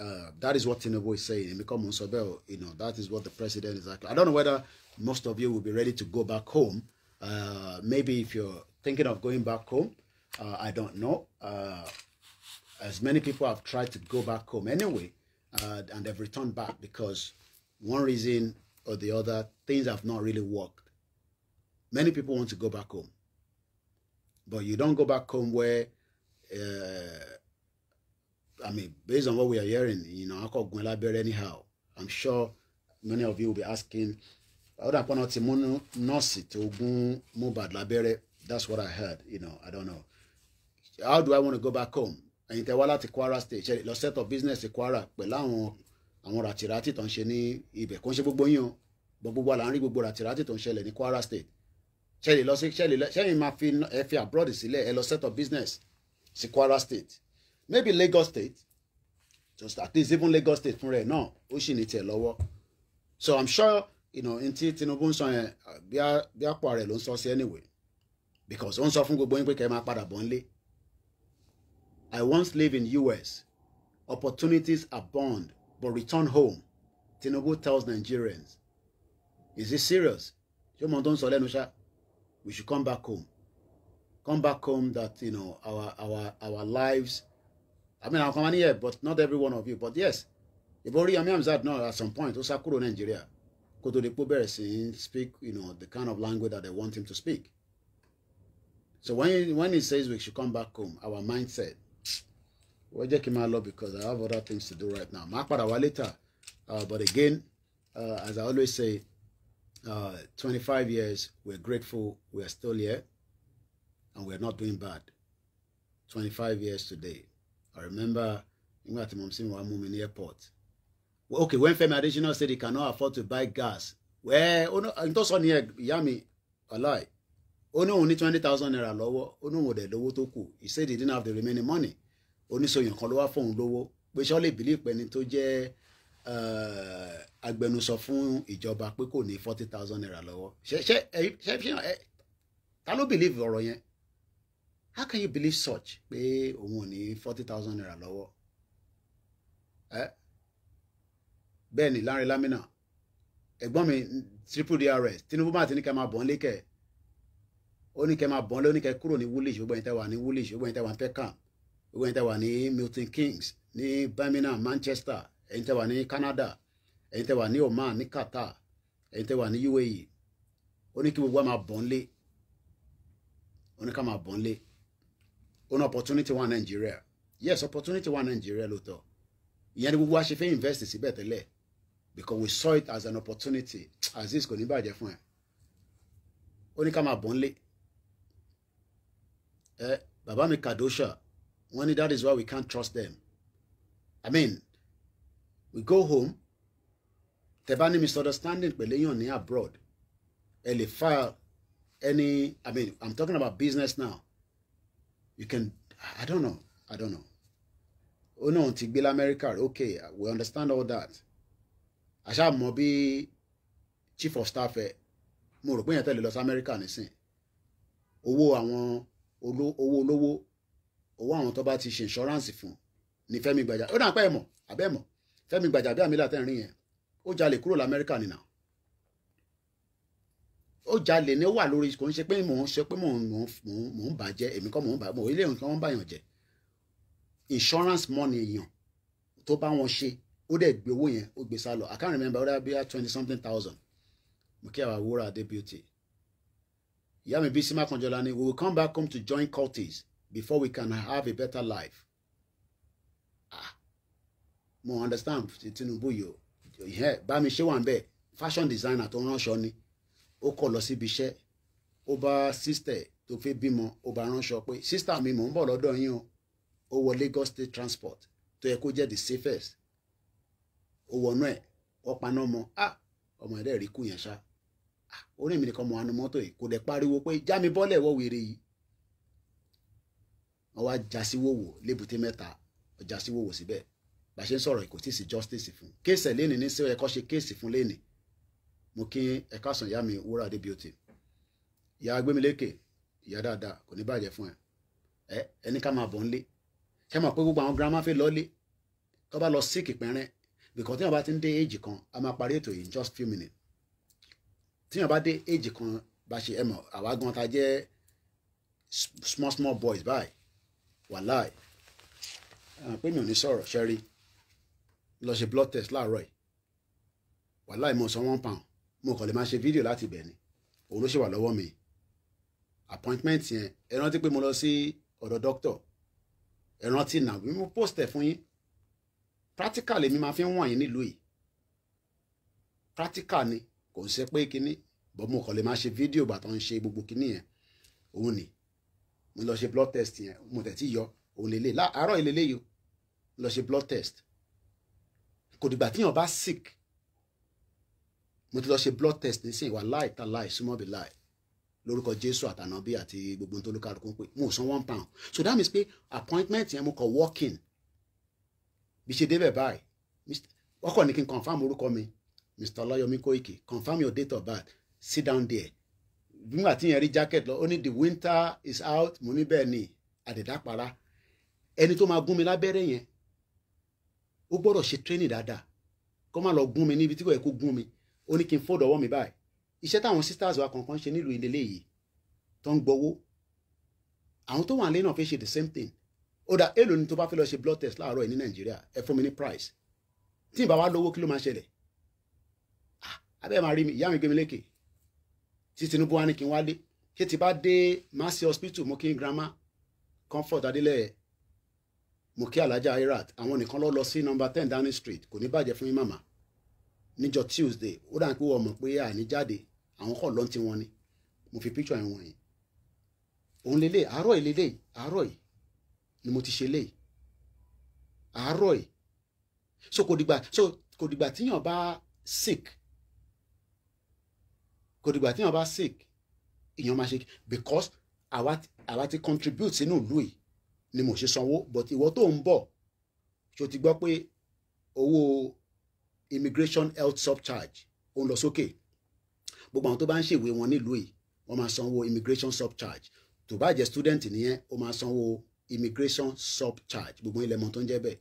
Uh, that is what Tinubu is saying. And become you know, that is what the president is like. I don't know whether most of you will be ready to go back home. Uh, maybe if you're thinking of going back home, uh, I don't know. Uh, as many people have tried to go back home anyway, uh, and they've returned back because one reason or the other, things have not really worked. Many people want to go back home, but you don't go back home where I mean, based on what we are hearing, you know, I call gun lábẹ́rẹ́ anyhow. I'm sure many of you will be asking, how did Apono Timono nọ́ọ̀sì tó gún Mohbad lábẹ́rẹ́? That's what I heard, you know, I don't know. How do I want to go back home? Ẹ̀yin tẹ́ wá láti Kwara state, ṣe set up business Kwara pẹ̀lú àwọn àwọn ràtìràtì tó ń ṣe ní ibẹ̀ kò ń ṣe gbogbo yín o gbogbo wa là ń rí gbogbo ràtìràtì tó ń ṣẹlẹ̀ ní Kwara state. Ṣé lè lọ sí ṣé lè ṣé yín máa fi ẹ fi abroad sílẹ̀ ẹ lọ set up business sí Kwara state maybe Lagos State just at least even Lagos State fúnra ẹ̀ náà ó sì ní tiẹ̀ lọ́wọ́ so i'm sure you know n tí Tinubu ń sọ yẹn bí àpò ààrẹ ló ń sọ sí anyway because ó ń sọ fún gbogbo yín pé kẹ́ ẹ máa padà bọ̀ nílé i once live in US opportunities abound but return home Tinubu tells Nigerians is it serious ṣé mo tó ń sọ lẹ́nu ṣá we should come back home come back home that you know our our our lives I mean, I'm coming here, but not every one of you but yes ìborí Yomi Amzat náà at some point ó sá kúrò Nàìjíríà kó tó di pé bẹ̀rẹ̀ speak you know, the kind of language that they want him to speak so when he, when he says we should come back home our mindset We jẹ́ kí n máa lọ because I have other things to do right now máa padà wá later uh, but again uh, as I always say uh, 25 years we're grateful we are still here and we are not doing bad 25 years today I remember nígbà tí mo sì wá mú mi ní airport okay when Femi Adesina said he cannot afford to buy gas well n tó sọ ní ìyá mi ọláì ó ní òun ní twenty thousand naira lọ́wọ́ ó ní òun ò dẹ̀ lówó tó kù he said he didn't have the remaining money oníṣòyàn kan ló wá fóun lówó pé ṣọ́ lè bìlí ìpẹ́ni tó jẹ́ eh, agbẹnusọ fún ìjọba pé kò ní forty thousand naira lọ́wọ́ ṣe ṣe ṣe ta ló bìlíìfù ọ̀rọ̀ yẹn how can you believe such pé òun ò ní forty thousand naira lọ́wọ́ ẹ bẹ́ẹ̀ ni Lanre Lamina ẹ̀gbọ́n mi triple drs Tinubu bá ti ní kẹ́ máa bọ̀ ń lékẹ́ ó ní kẹ́ máa bọ̀ ń lé ó ní kẹ́ kúrò ní woolish gbogbo ẹ̀yin tẹ́ wà ní woolish gbogbo ẹ̀yin tẹ́ wà ní peckham gbogbo ẹ̀yin tẹ́ wà ní milton kings ní birmingham manchester ẹ̀yin tẹ́ wà ní canada ẹ̀yin tẹ́ wà ní oman ní qatar ẹ̀yin tẹ́ wà ní uae ó ní kí gbogbo wa máa bọ̀ lé ó ní ká máa bọ̀ lé ó ní opportunity wà nàìjíríà yes opportunity wà nàìjíríà lóòótọ́ ìyẹn ni gbogbo wa ṣe fẹ́ invest síbẹ̀ tẹ́lẹ̀ because we saw it as an opportunity aziz kò ní bàjẹ́ fún ẹ ó ní ká máa bọ̀ ń lé ẹ bàbá mi kadosha wọ́n ní that is why we can't trust them i mean we go home tẹ́ bá ní misunderstanding pẹ̀lú èèyàn ní abroad ẹ lè file any i mean i'm talking about business now you can i don't know i don't know Oh no, ti gbé lamẹ́ríkà okay we understand all that àṣà mọ̀ bí chief of staff ẹ̀ mo rò pé yẹn tẹ̀lé lọ sí amẹ́ríkà nísìn owó àwọn owó olówó owó àwọn tó bá ti ṣe insurance fún ni Fẹ́mi Gbàjà ó dà pẹ́ mọ̀ àbẹ́ mọ̀ Fẹ́mi Gbàjà bí àmì látẹ̀rín yẹn ó jalè kúrò lamẹ́ríkà nìyẹn ó jalè ní ó wà lórí kò ń ṣe pé mò ń ṣe pé mò ń mò ń bàjẹ́ èmi kọ́ mò ń bàjẹ́ mò ilé nǹkan wọ́n bàyàn jẹ́ insurance money èèyàn tó bá wọn ṣe ó dẹ̀ gbé owó yẹn ó gbé sá lọ I can't remember whether be twenty something thousand mo kí àwọn àwòrán adé beauty ìyá mi bí sima kanjọla ni we will come back home to join cultists before we can have a better life ah mo understand Tinubu yìí o bá mi ṣe wà ń bẹ fashion designer tó ránṣọ ni ó kọ̀ lọ síbi iṣẹ́ ó bá sísítẹ̀ tó fẹ́ bímọ ó bá ránṣọ pé sísítà mi mò ń bọ̀ lọ́dọ̀ yín o ó wọ Lagos State Transport tó yẹ kó jẹ́ the safest ó wọnú ẹ̀ wọ́n paná mọ́ a ọmọ ẹ̀rẹ́ rí kú yẹn ṣá orí mi nìkan mọ àánú mọ́tò yìí kò dẹ̀ pariwo pé já mi bọ́lẹ̀ wọ́ wèrè yìí wọ́n wá já sí wòwò lébùté mẹ́ta ọjà sí wòwò síbẹ̀ bá sọ̀rọ̀ kò sí justice fún kéèsì ẹ̀ lénìí ní sí ẹ̀kọ́ ṣe kéèsì fún lénìí mo kí ẹ̀ka sàn ìyá mi wúrà dé beauty ìyá agbémilékè ìyá dáadáa kò ní bàjẹ́ fún ẹ ẹni ká máa bọ̀ ńlé ṣé máa pé gbogbo àwọn girama fẹ́ lọ́lé tó bá lọ síkì pẹ́rẹ́ bìkọ́ tí wọ́n bá ti ń dé éèjì kan a máa parí ètò yìí just few minutes tí wọ́n bá dé éèjì kan bá ṣe ẹ mọ̀ àwa gan ta jẹ́ small small boys báyìí wàláì pé mi ò ní sọ̀rọ̀ ṣẹ́rí lọ ṣe blood test láàárọ̀ yìí wàláì mo san one pound mo kàn lè máa ṣe fídíò láti ibẹ̀ ni òun ló ṣe wà lọ́wọ́ mi appointment yẹn ẹ rántí pé mo lọ sí ọ̀dọ̀ doctor ẹ rántí náà bí mo post ẹ̀ fún yín practical èmi máa fi ń wọ̀nyí nílùú yìí practical ni kò ṣe pé kínní bọ́ mo kàn lè máa ṣe fídíò gbà tó ń ṣe gbogbo kínní yẹn òun ni mo lọ ṣe blood test yẹn mo tẹ̀ tí yọ òun lélẹ̀ láàárọ̀ ìlélẹ́yìí lọ ṣe blood test kò dìgbà tíyàn bá sick mo ti lọ ṣe blood testing nísìnyí wà láì ta láì súnmọ́ bí láì lórúkọ jésù àtànàbí àti gbogbo tó ló kálukú pé mo san one pound so that means pé appointment yẹn mo kọ walking bí ṣe débẹ̀ báyìí ọkọ̀ ní kí n confam orúkọ mi mr ọláyọmí kóìkì confam your date of birth sit down there nígbà tí yẹn rí jacket lọ ó ní the winter is out mo ní bẹ́ẹ̀ ni àdìdápara ẹni tó máa gún mi lábẹ́rẹ́ yẹn ó gbọ́dọ̀ ṣe training dáadáa kó má lọ gún mi níbi tí kò yẹ kó gún mi ó ní kí n fọ́dọ̀ ọwọ́ mi báyìí iṣẹ́ táwọn sisters wa kankan ṣe nílùú ìdílé yìí tó ń gbowó àwọn tó wà nílé náà fẹ́ ṣe the same thing ó dà èlò ni tó bá fẹ́ lọ ṣe blood test láàárọ̀ yìí ní nàìjíríà ẹ fún mi ní price tí ìbá wa lówó kí ló máa ṣẹlẹ̀ abẹ́ẹ̀ máa rí mi ìyá mi gbé mi lékè tí tinubu wa ní kí n wá dé kí ti bá dé mercy hospital mo kí n grandma comfort adélẹ̀ mo kí alájà irat àwọn nìkan lọ lọ sí number ten downing street kò ní bàjẹ́ fún yín màmá níjọ́ Tuesday ó dà pé wọ́n mọ̀ pé àní jáde àwọn kọ̀ lọ́n ti wọn ni mo fi picture ẹ̀ wọ̀nyí òun lélẹ̀ àárọ̀ yìí lélẹ̀ àárọ̀ yìí ni mo ti ṣe lé àárọ̀ yìí so kò dìgbà so kò dìgbà tíyàn bá sick kò dìgbà tíyàn bá sick èèyàn máa ṣe because àwa àwa ti contribute sínú ìlú yìí ni mo ṣe sanwó but ìwọ tó ń bọ̀ ṣó ti gbọ́ pé owó immigration health subcharge. ó ń lọ sókè gbogbo àwọn tó bá ń ṣèwé wọn nílùú yìí wọ́n máa sanwó immigration subcharge. tó bá jẹ́ student nìyẹn ó máa sanwó immigration subcharge. gbogbo ilẹ̀ mọ́ tó ń jẹ́ bẹ́ẹ̀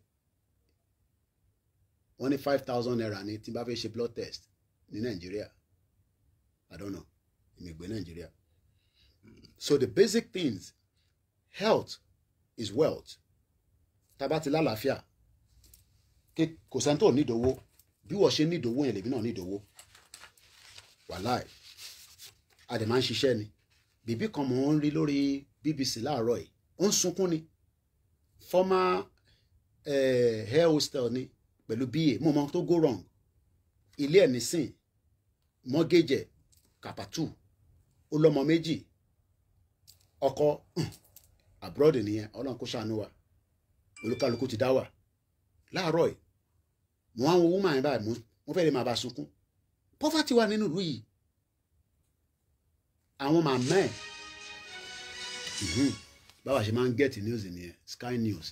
wọ́n ní five thousand naira ní tí n bá fẹ́ ṣe blood test ní nàìjíríà I don't know ìmìgbé nàìjíríà so the basic things health is wealth tá a bá ti lálàáfíà kò sẹ́ni tó bí wọ́n ṣe ní ìdòwò yẹn lèmi náà ní ìdòwò wàláì a dẹ̀ máa ń ṣiṣẹ́ ni bèbí kan mò ń rí lórí BBC láàárọ̀ yìí ó ń sunkún ni former eh, hair hostel ni pẹ̀lú BA mo mọ tó go wrong ilé ẹ̀ nísìn mọ́gẹ́jẹ̀ kàpàtù ó lọ́mọ méjì ọkọ abroad nìyẹn ọlọ́run kó ṣàánú wa olúkálukú ti dá wà láàárọ̀ yìí mo wá wọn woman báyìí mo fẹ́ lè máa bá sunkún poverty wà nínú ìlú yìí àwọn màmá ẹ̀ mhm, báwa ṣe máa ń get news nìyẹn Sky News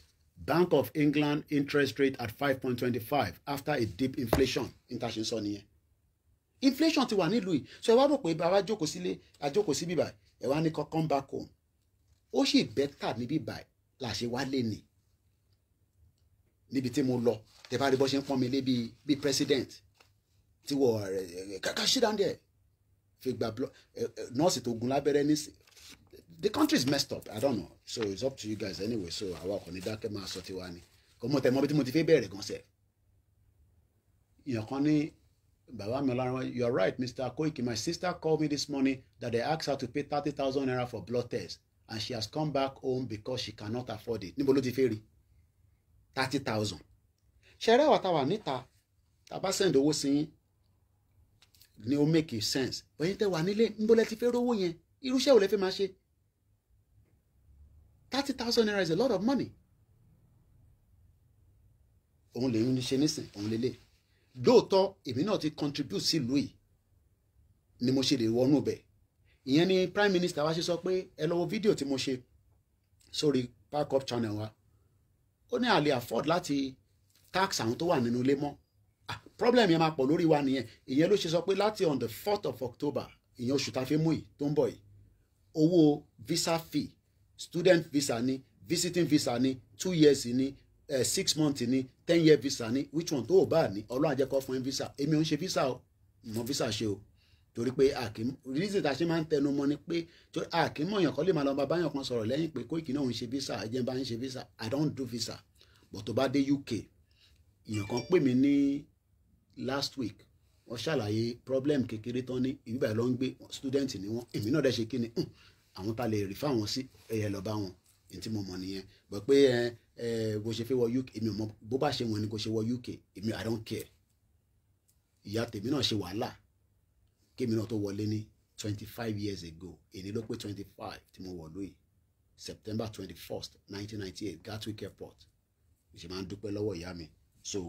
Bank of England interest rate at five point twenty-five after a deep inflation intaṣe sọ nìyẹn inflation ti wà nílùú yìí so ẹ wá rò pé bàbá jókòó sílé àjókòó sí bíbà ẹ wá ní come back home ó sì bẹ́tà níbí báyìí làṣẹ wálé ni. Bíbà, níbi tí mo lọ tẹ bá rí bó ṣe ń pọ́n mi lé bíi president tí wọ́n rẹ̀ eh, kàkà ṣí down there fi gba eh, eh, nọ́ọ̀sì tó gun lábẹ́rẹ́ ní the country is messed up i don't know so it's up to you guys anyway so àwa ọkọ̀ ní dákẹ́ máa sọ tiwa ni kò mọ̀ tẹ̀ mọ́ bí tí mo ti fẹ́ bẹ̀rẹ̀ gan sẹ̀ èèyàn kan ní bàbá mi ọlọ́run you are right mr koiki my sister called me this morning that they asked her to pay thirty thousand naira for blood test and she has come back home because she cannot afford it níbo ló ti fẹ́ rí i thirty thousand ṣẹ̀rẹ́ wà táwa níta tàbá send owó sí yín ni ó make sense bẹ́yìn tẹ́ wà nílé níbo lẹ ti fẹ́ rówó yẹn irúṣẹ́ ò lẹ fẹ́ máa ṣe thirty thousand naira is a lot of money òun lè ní ṣe nísìn òun lè lè lóòótọ́ èmi náà ti contribute sí ìlú yìí ni mo ṣe lè wọnú bẹ̀ ìyẹn ni prime minister wa ṣe sọ pé ẹ lọ wo fídíò tí mo ṣe sórí backup channel wa ó ní àlè afford láti tax àwọn tó wà nínú ilé mọ́ ah, problem yẹn máa pọ̀ lórí wa nìyẹn ìyẹn ló ṣe sọ pé láti on the fourth of October ìyẹn oṣù tá a fi mú yìí tó ń bọ̀ yìí owó visa fee student visa ni visiting visa ni two years ni uh, six months ni ten year visa ni which one tó o bá ní ọlọ́run àjẹkọ́ fún visa èmi ò ń ṣe visa o mọ visa ṣe o torí pé àkìm reason tá a ṣe máa ń tẹnu mọ́ ni pé àkìmọ̀ èèyàn kan lè máa lọ bá báyọ̀ kan sọ̀rọ̀ lẹ́yìn pé Koiki náà ń ṣe visa ẹ̀jẹ̀ bá ń ṣe visa I don't do visa but tó bá dé UK èèyàn kan pè mí ní last week wọ́n ṣàlàyé problem kékeré tán ní ìbíbà ló ń gbé student ni wọ́n èmi náà dẹ̀ ṣe kí ni hmm, àwọn ta lè rí fáwọn sí ẹ̀yẹ lọ́ọ́ bá wọn èyí tí mo mọ̀ nìyẹn but pé ẹ ẹ bó ṣe fẹ́ wọ UK èmi mọ̀ bó bá ṣe wọn ni kò ṣe wọ UK èmi I don't care ìyá tèmi náà ṣe wàhálà kémi náà tó wọlé ní twenty five years ago èyí ló pé twenty five tí mo wọ̀ lóyè September twenty first nineteen ninety eight Gatwick airport ìṣe máa ń dúpẹ́ lọ́wọ́ ìyá mi so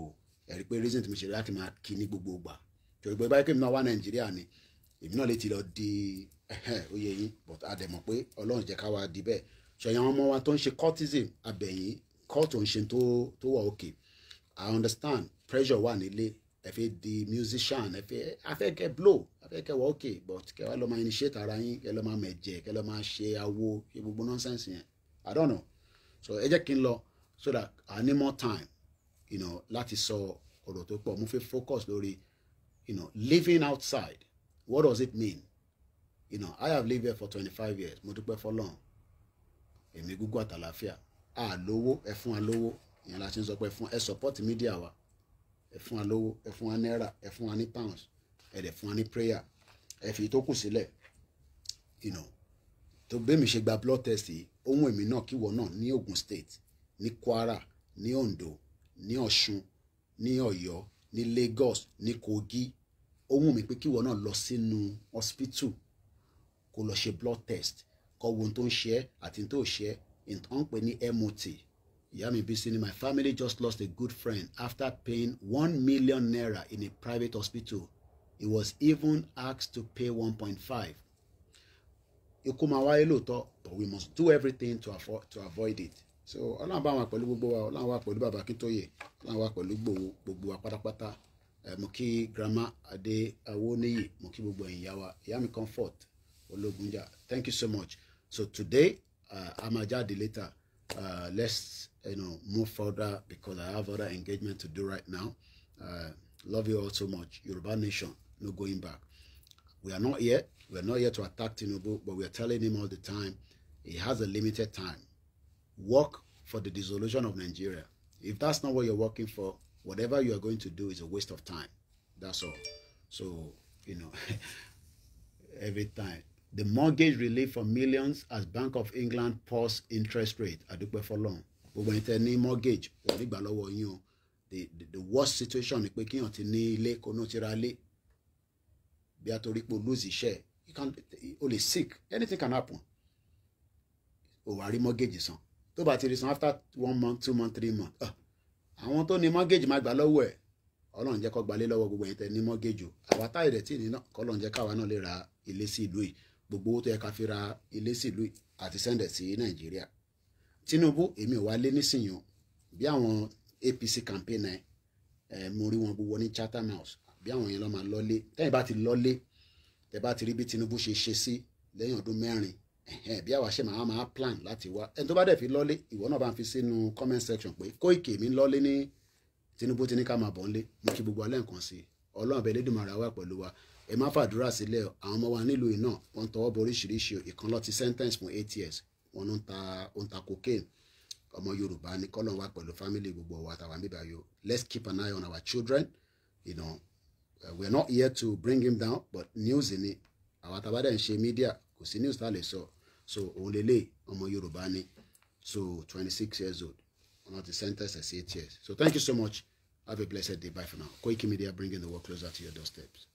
ẹ̀rí pé reason tí mo ṣe láti máa kí ní gbogbo ìgbà tó ìgbà ìbáyé kémi náà wá Nàìjíríà ni èmi náà lè ti lọ di oyè yín but a dẹ̀ mọ̀ pé Ọlọ́run jẹ́ ká wá di bẹ́ẹ̀ ṣọyìn àwọn ọmọ wa tó ń ṣe cultism abẹ̀yìn court ò ń ṣe tó wà òkè I understand pressure wà nílé ẹ fẹ́ di musician ẹ fẹ́ afẹ́ kẹ blow afẹ́ kẹ wọ ok but kẹ wá lọ máa initiate ara yín kẹ lọ máa mẹ̀jẹ̀ kẹ lọ máa ṣe awo ṣe gbogbo nonsense yẹn i don't know so ẹ jẹ́ kí n lọ so that i need more time you know, láti sọ ọ̀rọ̀ tó pọ̀ mo fẹ́ focus lórí you know, living outside what does it mean you know, i have lived here for twenty five years mo dúpẹ́ fọlọ́run èmi gúgú àtàlàfíà àlówó ẹ fún wa lówó ìyẹn la ti ń sọ pé fún ẹ support media wa ẹ fún wa lówó ẹ fún wa náírà ẹ fún wa ní pounds ẹ dẹ̀ fún wa ní prayer ẹ fi tó kù sílẹ̀ you know tó bẹ́ẹ̀ mi ṣe gba blood test yìí ohun èmi náà kíwọ náà ní Ogun State ní Kwara ní Ondo ní Ọ̀ṣun ní Ọ̀yọ́ ní Lagos ní Kogi ohun mi pé kíwọ náà lọ sínú hospital kó lọ ṣe blood test kó wo ohun tó ń ṣe ẹ́ àti ohun tó ń ṣe ẹ́ ìtàn pè ní MOT Yami Bisini, my family just lost a good friend after paying 1 million naira in a private hospital. He was even asked to pay 1.5. Ikú máa wáyé lóòótọ́, but we must do everything to, afford, to avoid it. So Ọlọ́run wa pẹ̀lú gbogbo wa, Ọlọ́run wa pẹ̀lú bàbá Akíntóyè, Ọlọ́run wa pẹ̀lú gbogbo wa pátápátá. Mo kí grandma ade Awóníyì, mo kí gbogbo ìyá Yami ìyá mi comfort Ológunjà. Thank you so much. So today, uh, a máa jáde later. Uh, let's you know, move further because I have other engagement to do right now. Uh, love you all so much. Yoruba Nation, no going back. We are not yet. We are not yet to attack Tinubu, but we are telling him all the time, he has a limited time. Work for the dissolution of Nigeria. If that's not what you're working for, whatever you are going to do is a waste of time. That's all. So, you know, every time. The mortgage relief for millions as Bank of England paused interest rate. for fọ́lọ́run gbogbo ẹ̀yin tẹ ní mortgage wọn nígbà lọ́wọ́ yín o the the the worst situation ni pé kíyàn ti ní ilé kó náà ti ra ilé bí a torí pé o lose iṣẹ́ you can o lè sick anything can happen o wà rí mortgage san tó bá ti rí san after one month two month three month ah, àwọn tó ní mortgage máa gbà lọ́wọ́ ẹ̀ ọlọ́run jẹ́ kó gbalé lọ́wọ́ gbogbo ẹ̀yin tẹ ní mọ́gẹ́jù àwa táyì rẹ̀ tí ì ní náà kọ́ lọ́run jẹ́ káwa náà lè ra ilé sí ìlú yìí gbogbo owó tó yẹ ká fi ra ilé sí ìlú yìí àti sẹ́ndẹ̀ sí nàìjíríà Tinubu èmi ò wá lé nísìnyí o bí àwọn APC campaigner ẹ mo rí wọn gbogbo ní Chatham House bí àwọn yẹn lọ máa lọlé tẹ́yìn bá ti lọlé tẹ́ bá ti rí bí Tinubu ṣe ṣe sí lẹ́yìn ọdún mẹ́rin bí àwa ṣe máa máa plan láti wá ẹni tó bá dẹ̀ fi lọ́lé ìwọ náà bá ń fi sínú comment section pé Kóìkì mi lọ́lé ní Tinubu ti ní ká máa bọ̀ ń lé mo kí gbogbo alẹ́ nǹkan sí i Ọlọ́run bẹ̀ lédùmarè wà pẹ̀lú wa ẹ má fàdúrà sílẹ̀ àwọn ọmọ wa nílùú iná wọ́n tọwọ́ bọ oríṣiríṣi ìkànlọ́ ti sentence fún eight years wọn ló ń ta ó ń ta cocaine ọmọ yorùbá ni kọ́lọ̀ wa pẹ̀lú family gbogbo wa tàwa níbà yo let's keep an eye on our children you know uh, we are not here to bring him down but news ni àwa tàbá dẹ̀ ń ṣe media kò sí news tá a lè sọ so òun lè lè ọmọ yorùbá ni so twenty six years old ọ̀nà the sentence as eight years so thank you so much have a blessed day bye for now Koiki Media bringing the world closer to your doorsteps.